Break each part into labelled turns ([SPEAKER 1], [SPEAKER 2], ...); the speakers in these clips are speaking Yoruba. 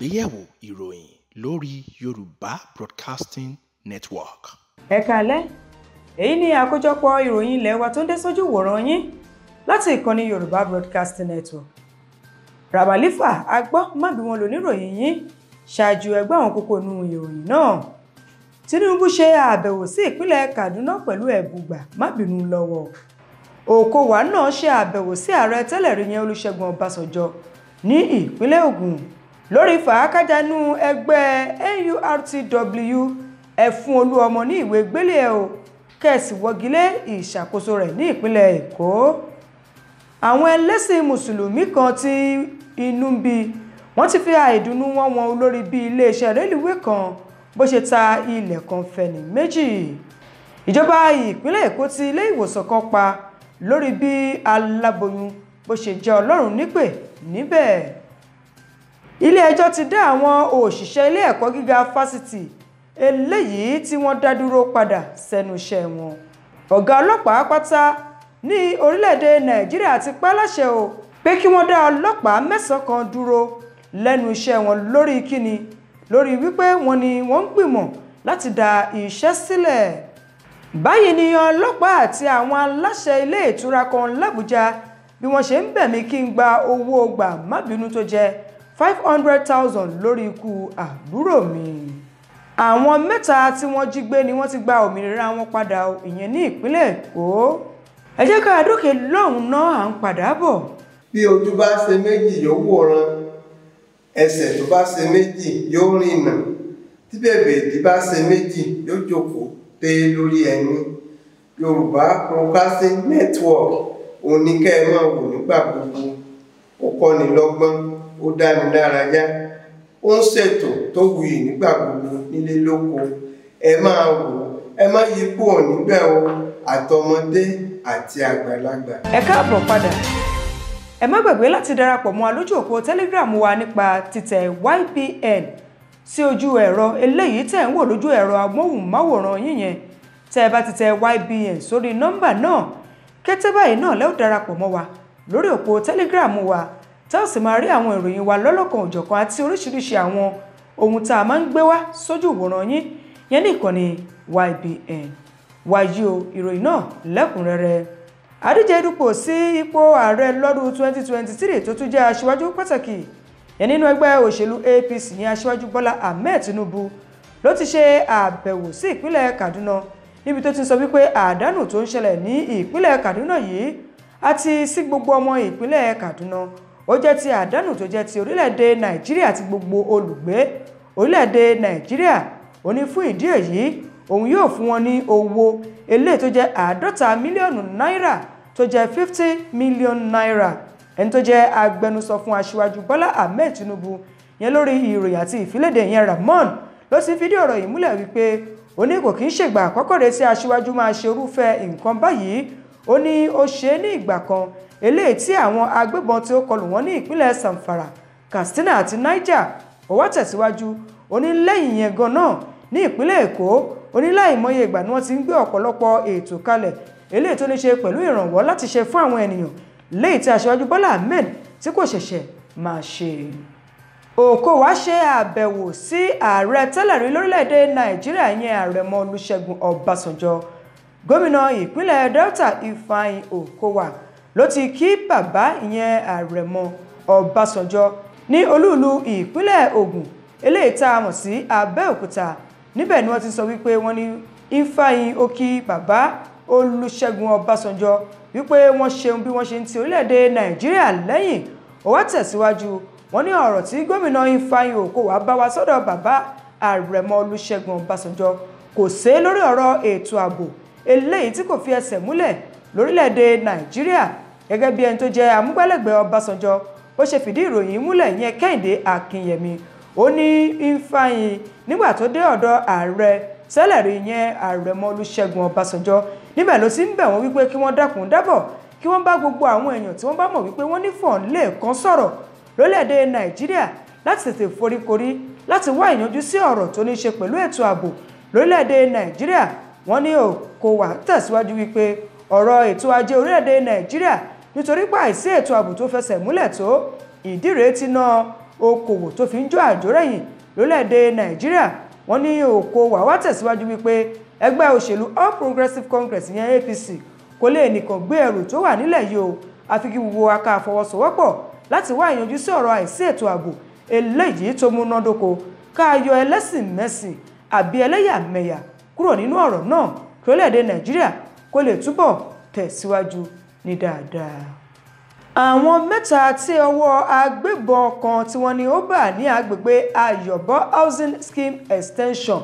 [SPEAKER 1] àgbéyẹ̀wò ìròyìn lórí Yorùbá Broadcasting Network. ẹ káalẹ́ èyí ni àkójọpọ̀ ìròyìn ilé wa tó ń dé sójú wòran yín láti ìkànnì Yorùbá Broadcasting Network. Ramalifa agbọ́ má bí wọn lò níròyìn yín ṣáájú ẹgbẹ́ àwọn kókó inú ìròyìn náà. Tinubu ṣe àbẹ̀wò sí ìpínlẹ̀ Kaduna pẹ̀lú ẹ̀bùgbà má bínú lọ́wọ́ Okowa náà ṣe àbẹ̀wò sí ààrẹ tẹ́lẹ̀ rí yẹn Olúṣẹ́gun Ọbásanjọ́ ní ìpínlẹ̀ Ògùn lórí fàákàjánú ẹgbẹ́ NURTW ẹ fún Olúọmọ ní ìwé gbélé ẹ o kẹ̀sì wọ́gilé ìṣàkóso rẹ̀ ní ìpínlẹ̀ Èkó àwọn ẹlẹ́sìn mùsùlùmí kan tí inú ń bí wọ́n ti fi àìdùnnú wọn wọn olórí bí iléeṣẹ́ rélùwé kan bó ṣe ta ilẹ̀ kan fẹ̀nì méjì ìjọba ìpínlẹ̀ Èkó ti ilé ìwòsàn kan pa lórí bí aláboyún bó ṣe jẹ́ Ọlọ́run nípè níbẹ̀ ilé-ẹjọ́ ti dá àwọn òṣìṣẹ́ ilé ẹ̀kọ́ gíga fásitì eléyìí tí wọ́n dá dúró padà sẹ́nu iṣẹ́ wọn ọ̀gá ọlọ́pàá pátá ní orílẹ̀-èdè nàìjíríà ti pa láṣẹ o pé kí wọ́n dá ọlọ́pàá mẹ́sàn-án kan dúró lẹ́nu iṣẹ́ wọn lórí kíni lórí wípé wọn ni wọ́n ń gbìmọ̀ láti dá iṣẹ́ sílẹ̀ báyìí ni ọlọ́pàá àti àwọn aláṣẹ ilé ìtura kan làbújá bí wọ́n ṣe ń bẹ̀mí kí n gba owó gbà má bínú tó jẹ́ five hundred thousand lórí ikú àbúrò mi àwọn mẹ́ta tí wọ́n jí gbé ni wọ́n ti gba òmìnira wọn padà ìyẹn ní ìpínlẹ̀ èkó ẹ jẹ́ ká dókè lọ́hùn náà à ń padà bọ̀. bí ojú bá ṣe méjì yóò wòran ẹsẹ̀ tó bá ṣe méjì yóò rìnà tí bèbè ìdí bá ṣe méjì yóò jókòó pé lórí ẹni yorùbá broadcasting network òun ni kẹ́ ẹ máa wò nígbà gbogbo ó kọ́ni lọ́gbọ́n ó dá mi lára ó ń ṣètò tó wuyì nígbà gbogbo nílé lóko ẹ máa wò ẹ má yí níbẹ̀ o àtọmọdé àti àgbàlagbà. ẹ káàbọ̀ padà ẹ má gbàgbé láti darapọ̀ mọ́ wa òpó telegram wa nípa títẹ̀ YBN sí ojú ẹ̀rọ eléyìí tẹ̀ ń wò lójú ẹ̀rọ amóhùnmáwòrán tẹ́ ẹ YBN sórí nọ́mbà náà kété báyìí náà lẹ́ telegram wa tá ò sì máa rí àwọn ìròyìn wa lọ́lọ́kan òjọ̀kan àti oríṣiríṣi àwọn ohun tá a máa ń gbé wá sójú ìwòran yín yẹn ní ìkànnì YBN wáyé o ìròyìn náà lẹ́kùnrẹ́rẹ́ Adíje dupò sí ipò ààrẹ lọ́dún 2023 tó tún jẹ́ aṣíwájú pàtàkì yẹn nínú ẹgbẹ́ òṣèlú APC ní aṣíwájú Bọ́lá Ahmed Tinubu ló ti ṣe àbẹ̀wò sí ìpínlẹ̀ Kaduna níbi tó ti sọ wípé àdánù tó ń ṣẹlẹ̀ ní ìpínlẹ̀ Kaduna yìí àti sí gbogbo ọmọ ìpínlẹ̀ Kaduna ó jẹ́ ti àdánù tó jẹ́ ti orílẹ̀-èdè nàìjíríà ti gbogbo olùgbé orílẹ̀-èdè nàìjíríà ó ní fún ìdí èyí òun yóò fún wọn ní owó eléyìí tó jẹ́ àádọ́ta mílíọ̀nù náírà tó jẹ́ fifty million naira ẹni tó jẹ́ agbẹnusọ fún aṣíwájú bọ́lá ahmed tinubu yẹn lórí ìròyìn àti ìfìlédè yẹn ramon ló ti fìdí ọ̀rọ̀ yìí múlẹ̀ wípé ó ní kò kí ń ṣègbà àkọ́kọ́ rẹ̀ tí aṣíwájú máa ṣe irúfẹ́ nǹkan báyìí ó ní ó ṣe é ní ìgbà kan eléyìí tí àwọn agbébọn tí ó kọlù wọ́n ní ìpínlẹ̀ Samfara Katsina àti Niger ọwọ́ tẹ̀síwájú onílẹ̀yìn yẹn gan náà ní ìpínlẹ̀ Èkó oníláìmọye ìgbà ni wọ́n ti ń gbé ọ̀pọ̀lọpọ̀ ètò kalẹ̀ eléyìí tó ní ṣe pẹ̀lú ìrànwọ́ láti ṣe fún àwọn ènìyàn léyìí tí aṣáájú Bọ́lá Ahmed tí kò ṣẹ̀ṣẹ̀ máa ṣe. Okowa ṣe àbẹ̀wò sí ààrẹ tẹ́lẹ̀ lórílẹ̀‐èdè Nàìjíríà yẹn ààrẹ mọ́ Olúṣẹ́gun gómìnà ìpínlẹ̀ Delta Ifeanyi Okowa ló ti kí bàbá ìyẹn àrẹ̀mọ ọbásanjọ́ ní olúùlú ìpínlẹ̀ ògùn eléyìí tá a mọ̀ sí abẹ́òkúta níbẹ̀ ni wọ́n ti sọ wípé wọ́n ní ifeanyi oki bàbá olùṣègùn ọbásanjọ́ wípé wọ́n ṣeun bí wọ́n ṣe ń ti orílẹ̀-èdè nàìjíríà lẹ́yìn ó wá tẹ̀síwájú wọ́n ní ọ̀rọ̀ tí gómìnà ifeanyi okowa bá wa sọ́dọ̀ bàbá àrẹ̀mọ olùṣègùn ọbásanjọ́ kò sé lórí ọ̀rọ̀ ètò ààbò eléyìí tí kò fi ẹsẹ̀ múlẹ̀ lórílẹ̀-èdè nàìjíríà gẹ́gẹ́ bí ẹni tó jẹ́ amúgbálẹ́gbẹ̀ẹ́ Ọbásanjọ́ ó ṣe fìdí ìròyìn múlẹ̀ yẹn Kẹ́hìndé Akínyẹmí ó ní Ifeanyi nígbà tó dé ọ̀dọ̀ ààrẹ tẹ́lẹ̀ rí yẹn ààrẹ mọ́ Olúṣẹ́gun Ọbásanjọ́ níbẹ̀ ló ti ń bẹ̀ wọ́n wípé kí wọ́n dákun dábọ̀ kí wọ́n bá gbogbo àwọn èèyàn tí wọ́n bá mọ̀ wípé wọ́n nífọ̀ọ́ lè kan sọ̀rọ̀ lólẹ̀dẹ̀ Nàìjíríà láti tètè foríkorí láti wá ìyanjú sí ọ̀rọ̀ tó ní ṣe pẹ̀lú ètò ààbò lórílẹ̀ nàìjíríà wọ́n ní kò wá tẹ̀síwájú wípé ọ̀rọ̀ ètò ajé orílẹ̀ nàìjíríà nítorí pé àìsí ètò ààbò tó fẹsẹ̀ múlẹ̀ tó ìdí ti na okòwò tó fi ń jó àjórẹ̀yìn lólẹ̀dẹ̀ nàìjíríà wọ́n ní okòwò àwa tẹ̀síwájú wípé ẹgbẹ́ òṣèlú all progressives congress ìyẹn apc kò lè nìkan gbé ẹrù tó wà nílẹ̀ yìí o àfi kí gbogbo aka àfọwọ́sowọ́pọ̀ láti wá ìyanjú sí ọ̀rọ̀ àìsí ètò ààbò eléyìí tó múnádóko ká yọ ẹlẹ́sìn mẹ́sìn àbí ẹlẹ́yàmẹ̀yà kúrò nínú ọ̀rọ̀ náà kí nàìjíríà kó lè túbọ̀ tẹ̀síwájú ní dáadáa. àwọn mẹ́ta tí ọwọ́ agbébọn kan tí wọ́n ní ó bà ní agbègbè ayọ̀bọ̀ housing scheme extension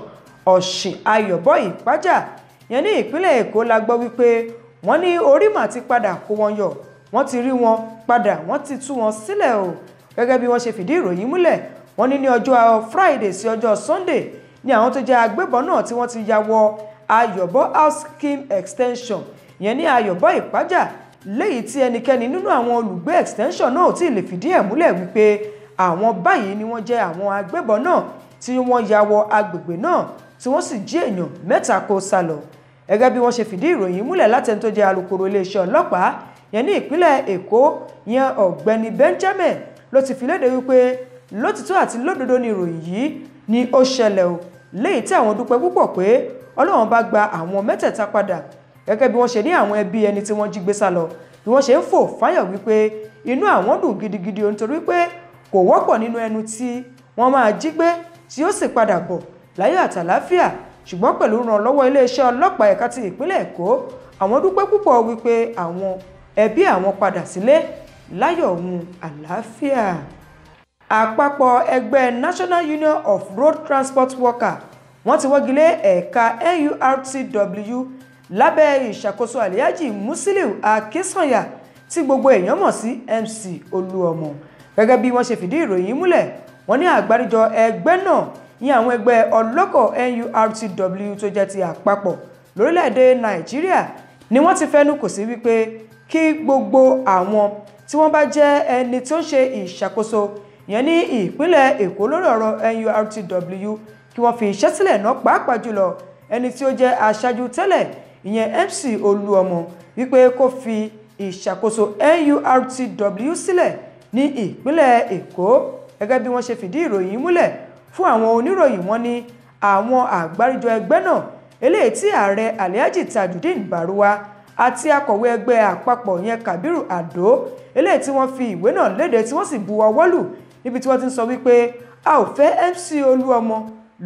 [SPEAKER 1] ọ̀sìn ayọ̀bọ̀ ìpájà yẹn ní ìpínlẹ̀ èkó la gbọ́ wípé wọ́n ní orí mà ti padà kó wọn yọ wọ́n ti rí wọn padà wọ́n ti tú wọn sílẹ̀ o gẹ́gẹ́ bí wọ́n ṣe fìdí ìròyìn múlẹ̀ wọ́n ní ní ọjọ́ friday sí ọjọ́ sunday ni àwọn tó jẹ́ agbébọn náà tí wọ́n ti ya wọ ayọ̀bọ̀ housing scheme extension yẹn ní ayọ̀bọ̀ ìpájà léyìí tí ẹnikẹ́ni nínú àwọn olùgbé extension náà tí lè fìdí ẹ̀ múlẹ̀ wípé àwọn báyìí ni wọ́n jẹ́ àwọn agbébọn náà tí wọ́n ya wọ agbègbè náà tí wọ́n sì jí èèyàn mẹ́ta kó sá lọ gẹ́gẹ́ bí wọ́n ṣe fìdí ìròyìn múlẹ̀ látẹni tó jẹ́ alukoro iléeṣẹ́ ọlọ́pàá yẹn ní ìpínlẹ̀ Èkó yẹn ọ̀gbẹ́ni Benjamin ló ti fi léde wípé lótìtọ́ àti lódodo ni ìròyìn yìí ni ó ṣẹlẹ̀ o léyìí tí àwọn dúpẹ́ púpọ̀ pé Ọlọ́run bá gba àwọn mẹ́tẹ̀ẹ̀ta padà gẹ́gẹ́ bí wọ́n ṣe ní àwọn ẹbí ẹni tí wọ́n jí gbé sá lọ bí wọ́n ṣe ń fò fáyọ̀ wípé inú àwọn dùn gidigidi nítorí pé kò wọ́pọ̀ nínú ẹnu tí wọ́n máa jí gbé tí ó sì padà bọ̀ láyọ̀ àtàláfíà ṣùgbọ́n pẹ̀lú ìrànlọ́wọ́ iléeṣẹ́ ọlọ́pàá ẹ̀ka ti ìpínlẹ̀ èkó àwọn dúpẹ́ púpọ̀ wípé àwọn ẹbí àwọn padà sílé láyọ̀ ohun àlàáfíà àpapọ̀ ẹgbẹ́ National Union of Road Transport Worker wọ́n ti wọ́gi lé ẹ̀ka NURTW lábẹ́ ìṣàkóso àlíyájì Musiliu Akínsànyà tí gbogbo èèyàn mọ̀ sí MC Olúọmọ gẹ́gẹ́ bí wọ́n ṣe fìdí ìròyìn múlẹ̀ wọ́n ní àgbáríjọ ẹgbẹ́ náà ní àwọn ẹgbẹ́ ọlọ́kọ̀ NURTW tó jẹ́ ti àpapọ̀ lórílẹ̀‐èdè Nàìjíríà ni wọ́n ti fẹ́nu kò sí wípé kí gbogbo àwọn tí wọ́n bá jẹ́ ẹni tó ń ṣe ìṣàkóso ìyẹn ní ìpínlẹ̀ Èkó lórí ọ̀rọ̀ NURTW kí wọ́n fi iṣẹ́ sílẹ̀ náà pàápàá jùlọ ẹni tí ó jẹ́ aṣáájú tẹ́lẹ̀ ìyẹn MC Olúọmọ wípé kó fi ìṣàkóso NURTW sílẹ̀ ní ìpínlẹ̀ Èkó gẹ́gẹ́ bí wọ́n ṣe fìdí ìròyìn múlẹ̀ fún àwọn oníròyìn wọn ní àwọn àgbáríjọ ẹgbẹ́ náà eléyìí tí ààrẹ Alhaji Tajudeen Baruwa àti akọ̀wé ẹgbẹ́ àpapọ̀ yẹn Kabiru Ado eléyìí tí wọ́n fi ìwé náà léde tí wọ́n sì bu ọwọ́ lù níbi tí wọ́n ti ń sọ wípé a ò fẹ́ MC Olúọmọ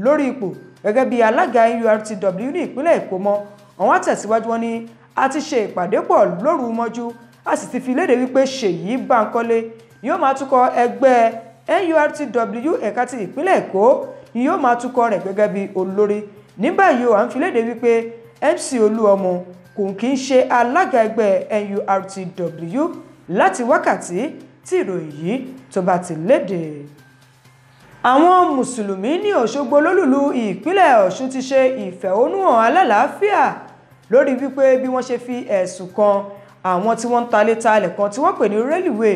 [SPEAKER 1] lórí ipò gẹ́gẹ́ bí alága NURTW ní ìpínlẹ̀ Èkó mọ́ àwọn àtẹ̀síwájú wọn ni a ti ṣe ìpàdé pọ̀ lóru mọ́jú a sì ti fi léde wípé Ṣèyí Bánkọ́lé ni yóò máa tukọ̀ ẹgbẹ́ NURTW ẹ̀ka ti ìpínlẹ̀ Èkó ni yóò máa tukọ̀ rẹ̀ gẹ́gẹ́ bí olórí ní báyìí o à ń fi léde wípé MC Olúọmọ kò kí ń ṣe alága ẹgbẹ́ NURTW láti wákàtí tí ìròyìn yìí tó bá ti léde àwọn mùsùlùmí ní Òṣogbo lólùlù ìpínlẹ̀ Ọ̀ṣun ti ṣe ìfẹ̀hónúhàn alálàáfíà lórí wípé bí wọ́n ṣe fi ẹ̀sùn kan àwọn tí wọ́n ń ta létà ilẹ̀ kan tí wọ́n pè ní rélùwé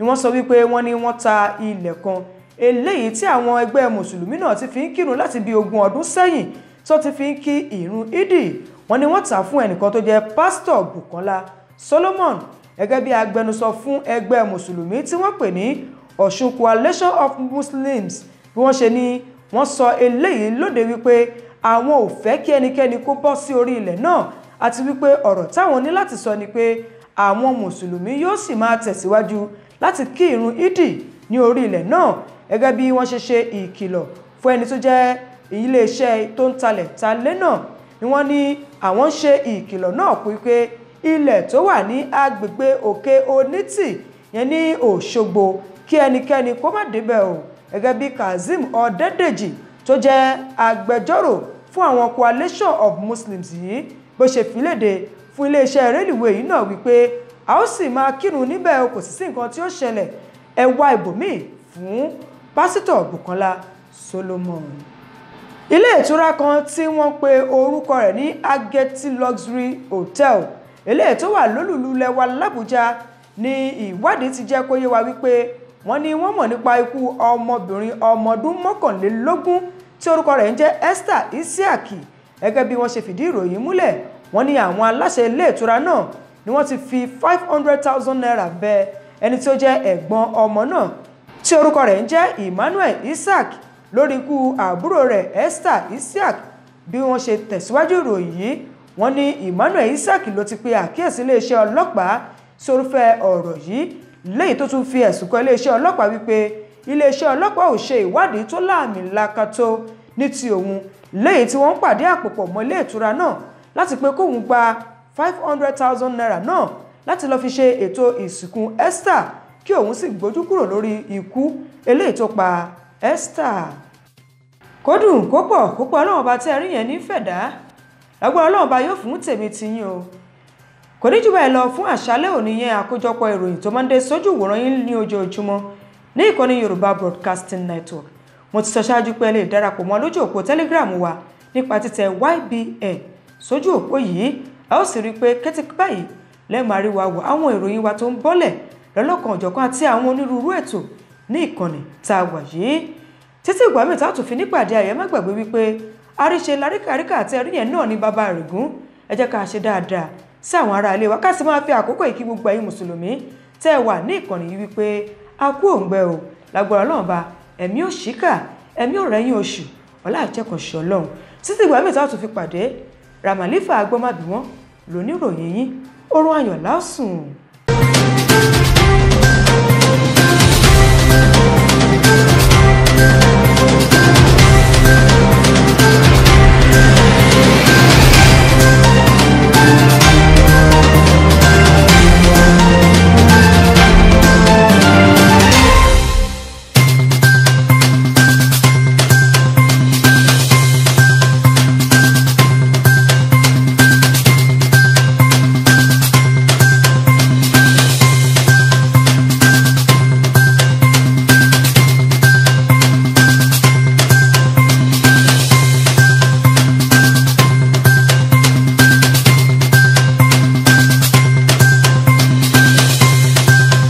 [SPEAKER 1] ni wọ́n sọ wípé wọ́n ní wọ́n ta ilẹ̀ kan eléyìí tí àwọn ẹgbẹ́ mùsùlùmí náà ti fi ń kírun láti bí ogún ọdún sẹ́yìn tó ti fi ń kí ìrun ídì wọ́n ní wọ́n tà fún ẹnìkan tó jẹ́ pásítọ̀ Bùkọ́lá Solomon gẹ́gẹ́ bí agbẹnusọ fún ẹgbẹ́ mùsùlùmí tí wọ́n pè ní Ọ̀ṣun Coalition of Muslims bí wọ́n ṣe ní wọ́n sọ eléyìí lóde wípé àwọn ò fẹ́ kí ẹnikẹ́ni kó bọ́ sí orí ilẹ̀ náà àti wípé ọ̀rọ̀ táwọn ní láti sọ ni pé àwọn mùsùlùmí yóò sì máa tẹ̀síwájú láti kí irun ìdì ní orí ilẹ̀ náà gẹ́gẹ́ bí wọ́n ṣe ṣe ìkìlọ̀ fún ẹni tó jẹ́ iléeṣẹ́ tó ń talẹ̀ ta lé náà ni wọ́n ní àwọn ń ṣe ìkìlọ̀ náà pé pé ilẹ̀ tó wà ní agbègbè òkè onítì yẹn ní Òṣogbo kí ẹnikẹ́ni kó má débẹ̀ o gẹ́gẹ́ bí Kazeem Ọ̀dẹ́dèjì tó jẹ́ agbẹjọ́rò fún àwọn coalition of Muslims yìí bó ṣe fi léde fún iléeṣẹ́ rélùwé yìí náà wípé a ó sì máa kírun níbẹ̀ kò sì sí nǹkan tí ó ṣẹlẹ̀ ẹ wá ibòmíì fún pásítọ̀ Bùkọ́lá Solomon ilé ìtura kan tí wọ́n pe orúkọ rẹ̀ ní Ageti Luxury Hotel eléyìí tó wà lólùlù lẹwa làbújá ni ìwádìí ti jẹ́ kó yé wa wípé wọ́n ní wọ́n mọ̀ nípa ikú ọmọbìnrin ọmọdún mọ́kànlélógún tí orúkọ rẹ̀ ń jẹ́ Esther Isiaki gẹ́gẹ́ bí wọ́n ṣe fìdí ìròyìn múlẹ̀ wọ́n ní àwọn aláṣẹ ilé ìtura náà ni wọ́n ti fi five hundred thousand naira bẹ ẹni tí ó jẹ́ ẹ̀gbọ́n ọmọ náà tí orúkọ rẹ̀ ń jẹ́ Emmanuel Isaac lórí ikú àbúrò rẹ̀ Esther Isaac bí wọ́n ṣe tẹ̀síwájú ìròyìn yìí wọ́n ní Emmanuel Isaac ló ti pe àkíyèsí iléeṣẹ́ ọlọ́pàá sí orúfẹ́ ọ̀rọ̀ yìí léyìí tó tún fi ẹ̀sùn kan iléeṣẹ́ ọlọ́pàá wípé iléeṣẹ́ ọlọ́pàá ò ṣe ìwádìí tó láàmì lakàtó ní ti òun lẹ́yìn tí wọ́n ń pàdé àpòpọ̀ mọ́ ilé ìtura náà láti pé kóun gba five hundred thousand naira náà láti lọ́ọ́ fi ṣe ètò ìsìnkú Esther kí òun sì gbójú kúrò lórí ikú eléyìí tó pa Esther kódùn kópọ̀ kópọ̀ ọlọ́run ọba tẹ́ ẹ rí yẹn ní fẹ̀dá lágbára ọlọ́run ọba yóò fún tèmi tiyín o kò ní jù báyìí lọ fún àṣálẹ́ òní yẹn àkójọpọ̀ ìròyìn tó máa ń dé sójú ìwòran yín ní ojoojúmọ́ ní ìkànnì Yorùbá Broadcasting Network mo ti sọ ṣáájú pé ẹ lè darapọ̀ mọ́ lójú òpó telegram wa nípa títẹ ybn sójú òpó yìí a ó sì rí i pé kété báyìí lẹ́ẹ̀mọ àríwá wọ àwọn ìròyìn wa tó ń bọ́lẹ̀ lọ́lọ́kan ọ̀jọ̀kan àti àwọn onírúurú ètò ní ìkànnì tá a wà yìí títí ìgbà míì tá a tún fi nípàdé ayẹ má gbàgbé wípé àríṣe láríkàríkà àti ẹrí yẹn náà ní bàbá àrègún ẹ jẹ́ ká ṣe dáadáa sí àwọn ará ilé wa ká sì máa fi àkókò ìkí gbogbo ayé mùsùlùmí tẹ́ ẹ wà ní ìkànnì yìí wípé a kú òǹgbẹ o lágbára náà bá ẹ̀mí òṣìkà ẹ̀mí òrẹ́yìn oṣù ọlá àjẹkànṣe ọlọ́run títí ìgbà mẹ́ta tó fi pàdé ramalifa agbọ́mábíwọ́n lóníròyìn yín oorun ayọ̀ lásùn.